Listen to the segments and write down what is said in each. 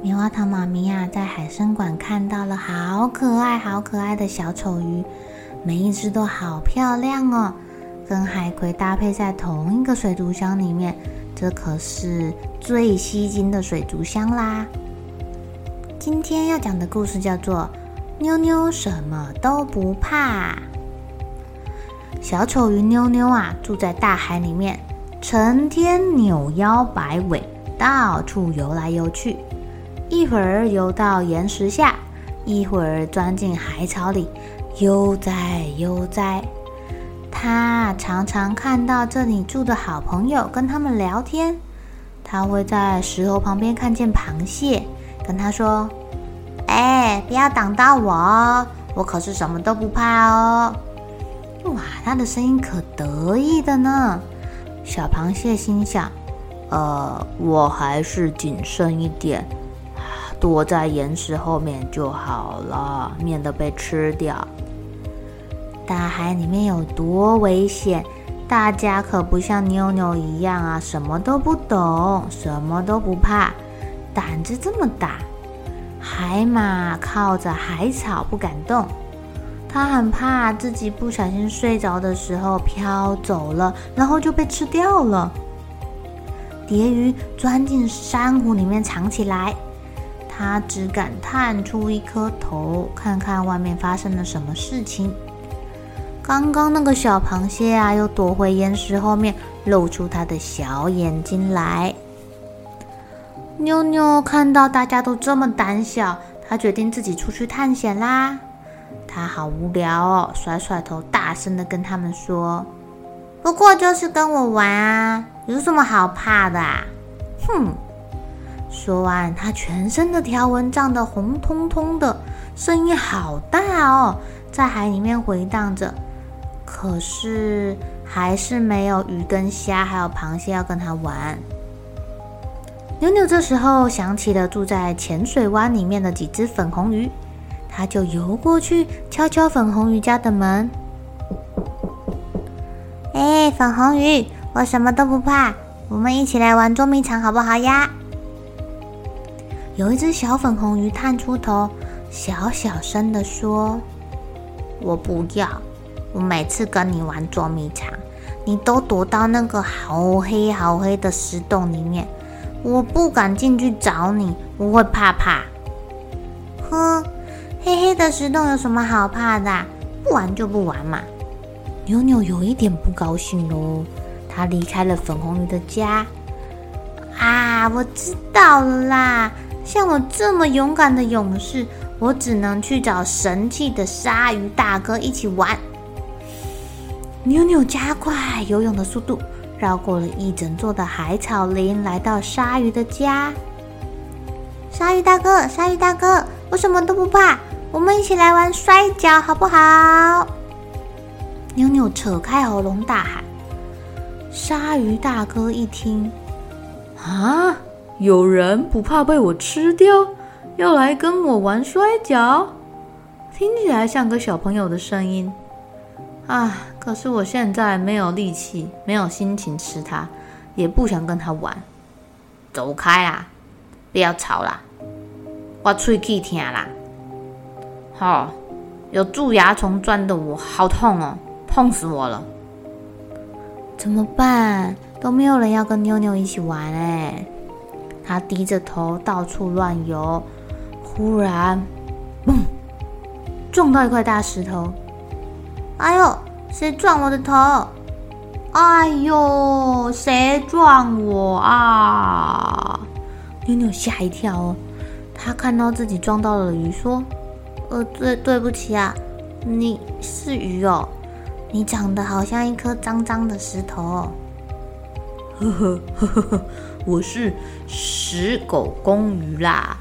棉花糖媽咪呀、啊，在海生館看到了好可愛、好可愛的小丑魚，每一隻都好漂亮哦！跟海葵搭配在同一個水族箱裡面，這可是最吸睛的水族箱啦！今天要講的故事叫做《妞妞什麼都不怕》。小丑魚妞妞啊，住在大海裡面，成天扭腰擺尾，到處游來游去。一會兒游到岩石下，一會兒鑽進海草裡，悠哉悠哉。他常常看到這裡住的好朋友，跟他們聊天。他會在石頭旁邊看見螃蟹，跟他說：“哎，不要擋到我哦，我可是什麼都不怕哦。”哇，他的聲音可得意的呢。小螃蟹心想：“呃，我還是謹慎一點。”躲在岩石後面就好了，免得被吃掉。大海裡面有多危險？大家可不像妞妞一樣啊，什麼都不懂，什麼都不怕，膽子這麼大。海馬靠着海草不敢動，它很怕自己不小心睡着的時候飄走了，然後就被吃掉了。蝶魚鑽進珊瑚裡面藏起來。他只敢探出一顆頭，看看外面發生了什麼事情。剛剛那個小螃蟹啊，又躲回岩石後面，露出他的小眼睛來。妞妞看到大家都這麼膽小，他決定自己出去探險啦。他好無聊哦，甩甩頭，大聲的跟他們說：“不過就是跟我玩啊，有什麼好怕的啊？”哼！說完，他全身的條紋漲得紅彤彤的，聲音好大哦，在海裡面回盪着。可是還是沒有魚、跟蝦，還有螃蟹要跟他玩。妞妞這時候想起了住在淺水灣裡面的幾隻粉紅魚，他就游過去，敲敲粉紅魚家的門。哎，粉紅魚，我什麼都不怕，我們一起來玩捉迷藏好不好呀？有一隻小粉紅魚探出頭，小小聲的說：“我不要，我每次跟你玩捉迷藏，你都躲到那個好黑好黑的石洞裡面，我不敢進去找你，我會怕怕。”“哼，黑黑的石洞有什麼好怕的？不玩就不玩嘛。”妞妞有一點不高興哦，她離開了粉紅魚的家。“啊，我知道了啦。”像我這麼勇敢的勇士，我只能去找神氣的鯊魚大哥一起玩。妞妞加快游泳的速度，繞過了一整座的海草林，來到鯊魚的家。鯊魚大哥，鯊魚大哥，我什麼都不怕，我們一起來玩摔跤好不好？妞妞扯開喉嚨大喊。鯊魚大哥一聽，啊！有人不怕被我吃掉，要來跟我玩摔跤，聽起來像個小朋友的聲音啊！可是我現在沒有力氣，沒有心情吃它，也不想跟他玩，走開啦、啊！不要吵啦，我喙齒痛啦，吼、哦，有蛀牙蟲鑽得我好痛哦，痛死我了！怎麼辦？都沒有人要跟妞妞一起玩哎、欸。他低着頭到處亂游，忽然，砰！撞到一塊大石頭。哎呦，誰撞我的頭？哎呦，誰撞我啊？妞妞嚇一跳，哦。他看到自己撞到了魚，說：“呃，對，對不起啊，你是魚哦，你長得好像一顆髒髒的石頭哦。”呵呵呵呵呵。我是石狗公魚啦，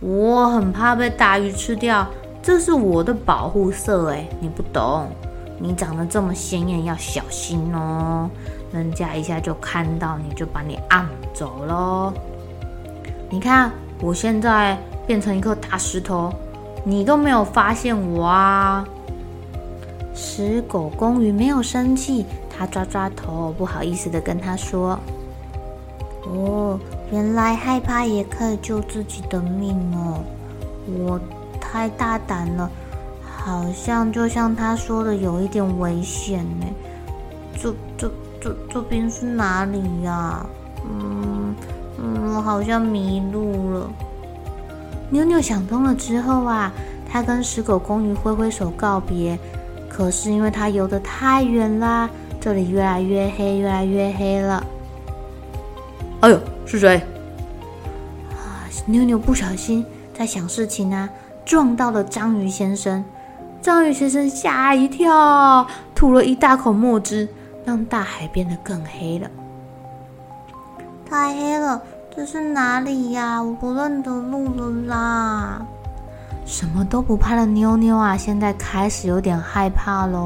我很怕被大魚吃掉，這是我的保護色哎、欸，你不懂，你長得這麼鮮豔，要小心哦，人家一下就看到你就把你按走嘍。你看我現在變成一顆大石頭，你都沒有發現我啊。石狗公魚沒有生氣，他抓抓頭，不好意思地跟他說。哦，原來害怕也可以救自己的命哦！我太大膽了，好像就像他說的有一點危險呢。這這這這邊是哪裡呀、啊？嗯嗯，我好像迷路了。妞妞想通了之後啊，她跟石狗公魚揮揮手告別，可是因為她游得太遠啦，這裡越來越黑，越來越黑了。哎呦，是誰？啊！妞妞不小心在想事情啊，撞到了章魚先生。章魚先生嚇一跳，吐了一大口墨汁，讓大海變得更黑了。太黑了，這是哪裡呀？我不認得路了啦！什麼都不怕的妞妞啊，現在開始有點害怕嘍。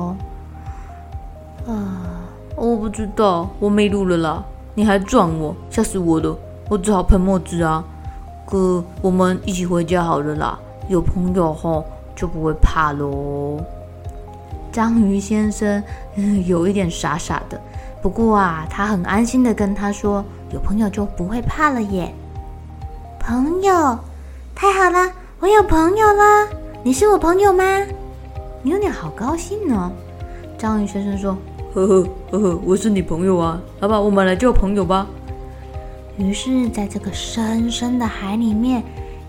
啊，我不知道，我沒路了啦。你還撞我，嚇死我了！我只好噴墨汁啊。可我們一起回家好了啦。有朋友後，就不會怕嘍。章魚先生有一點傻傻的，不過啊，他很安心的跟他說：“有朋友就不會怕了耶。”朋友，太好了，我有朋友了。你是我朋友嗎？妞妞好高興呢、哦。章魚先生說。呵呵呵呵，我是你朋友啊，好吧，我們來交朋友吧。於是，在這個深深的海裡面，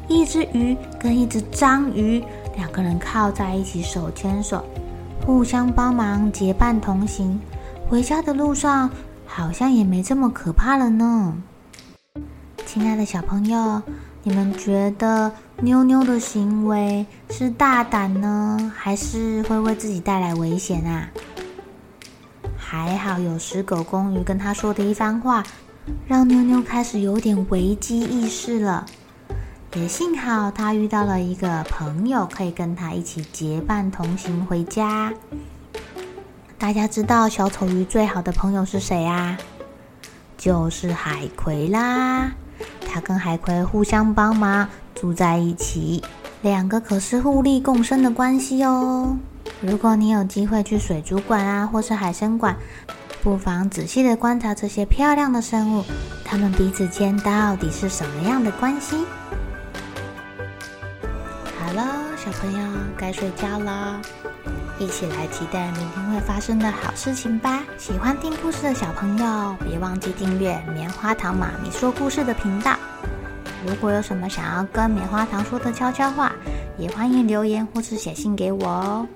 一隻魚跟一隻章魚，兩個人靠在一起，手牽手，互相幫忙，結伴同行。回家的路上，好像也沒這麼可怕了呢。親愛的小朋友，你們覺得妞妞的行為是大膽呢，還是會為自己帶來危險啊？還好，有石狗公魚跟他說的一番話，讓妞妞開始有點危機意識了。也幸好，他遇到了一個朋友，可以跟他一起結伴同行回家。大家知道小丑魚最好的朋友是誰啊？就是海葵啦！他跟海葵互相幫忙，住在一起，兩個可是互利共生的關係哦。如果你有機會去水族館啊，或是海生館，不妨仔細的觀察這些漂亮的生物，它們彼此間到底是什麼樣的關係？好了，小朋友該睡覺了，一起來期待明天會發生的好事情吧！喜歡聽故事的小朋友，別忘記訂閱《棉花糖媽咪說故事》的頻道。如果有什麼想要跟棉花糖說的悄悄話，也歡迎留言或是寫信給我哦。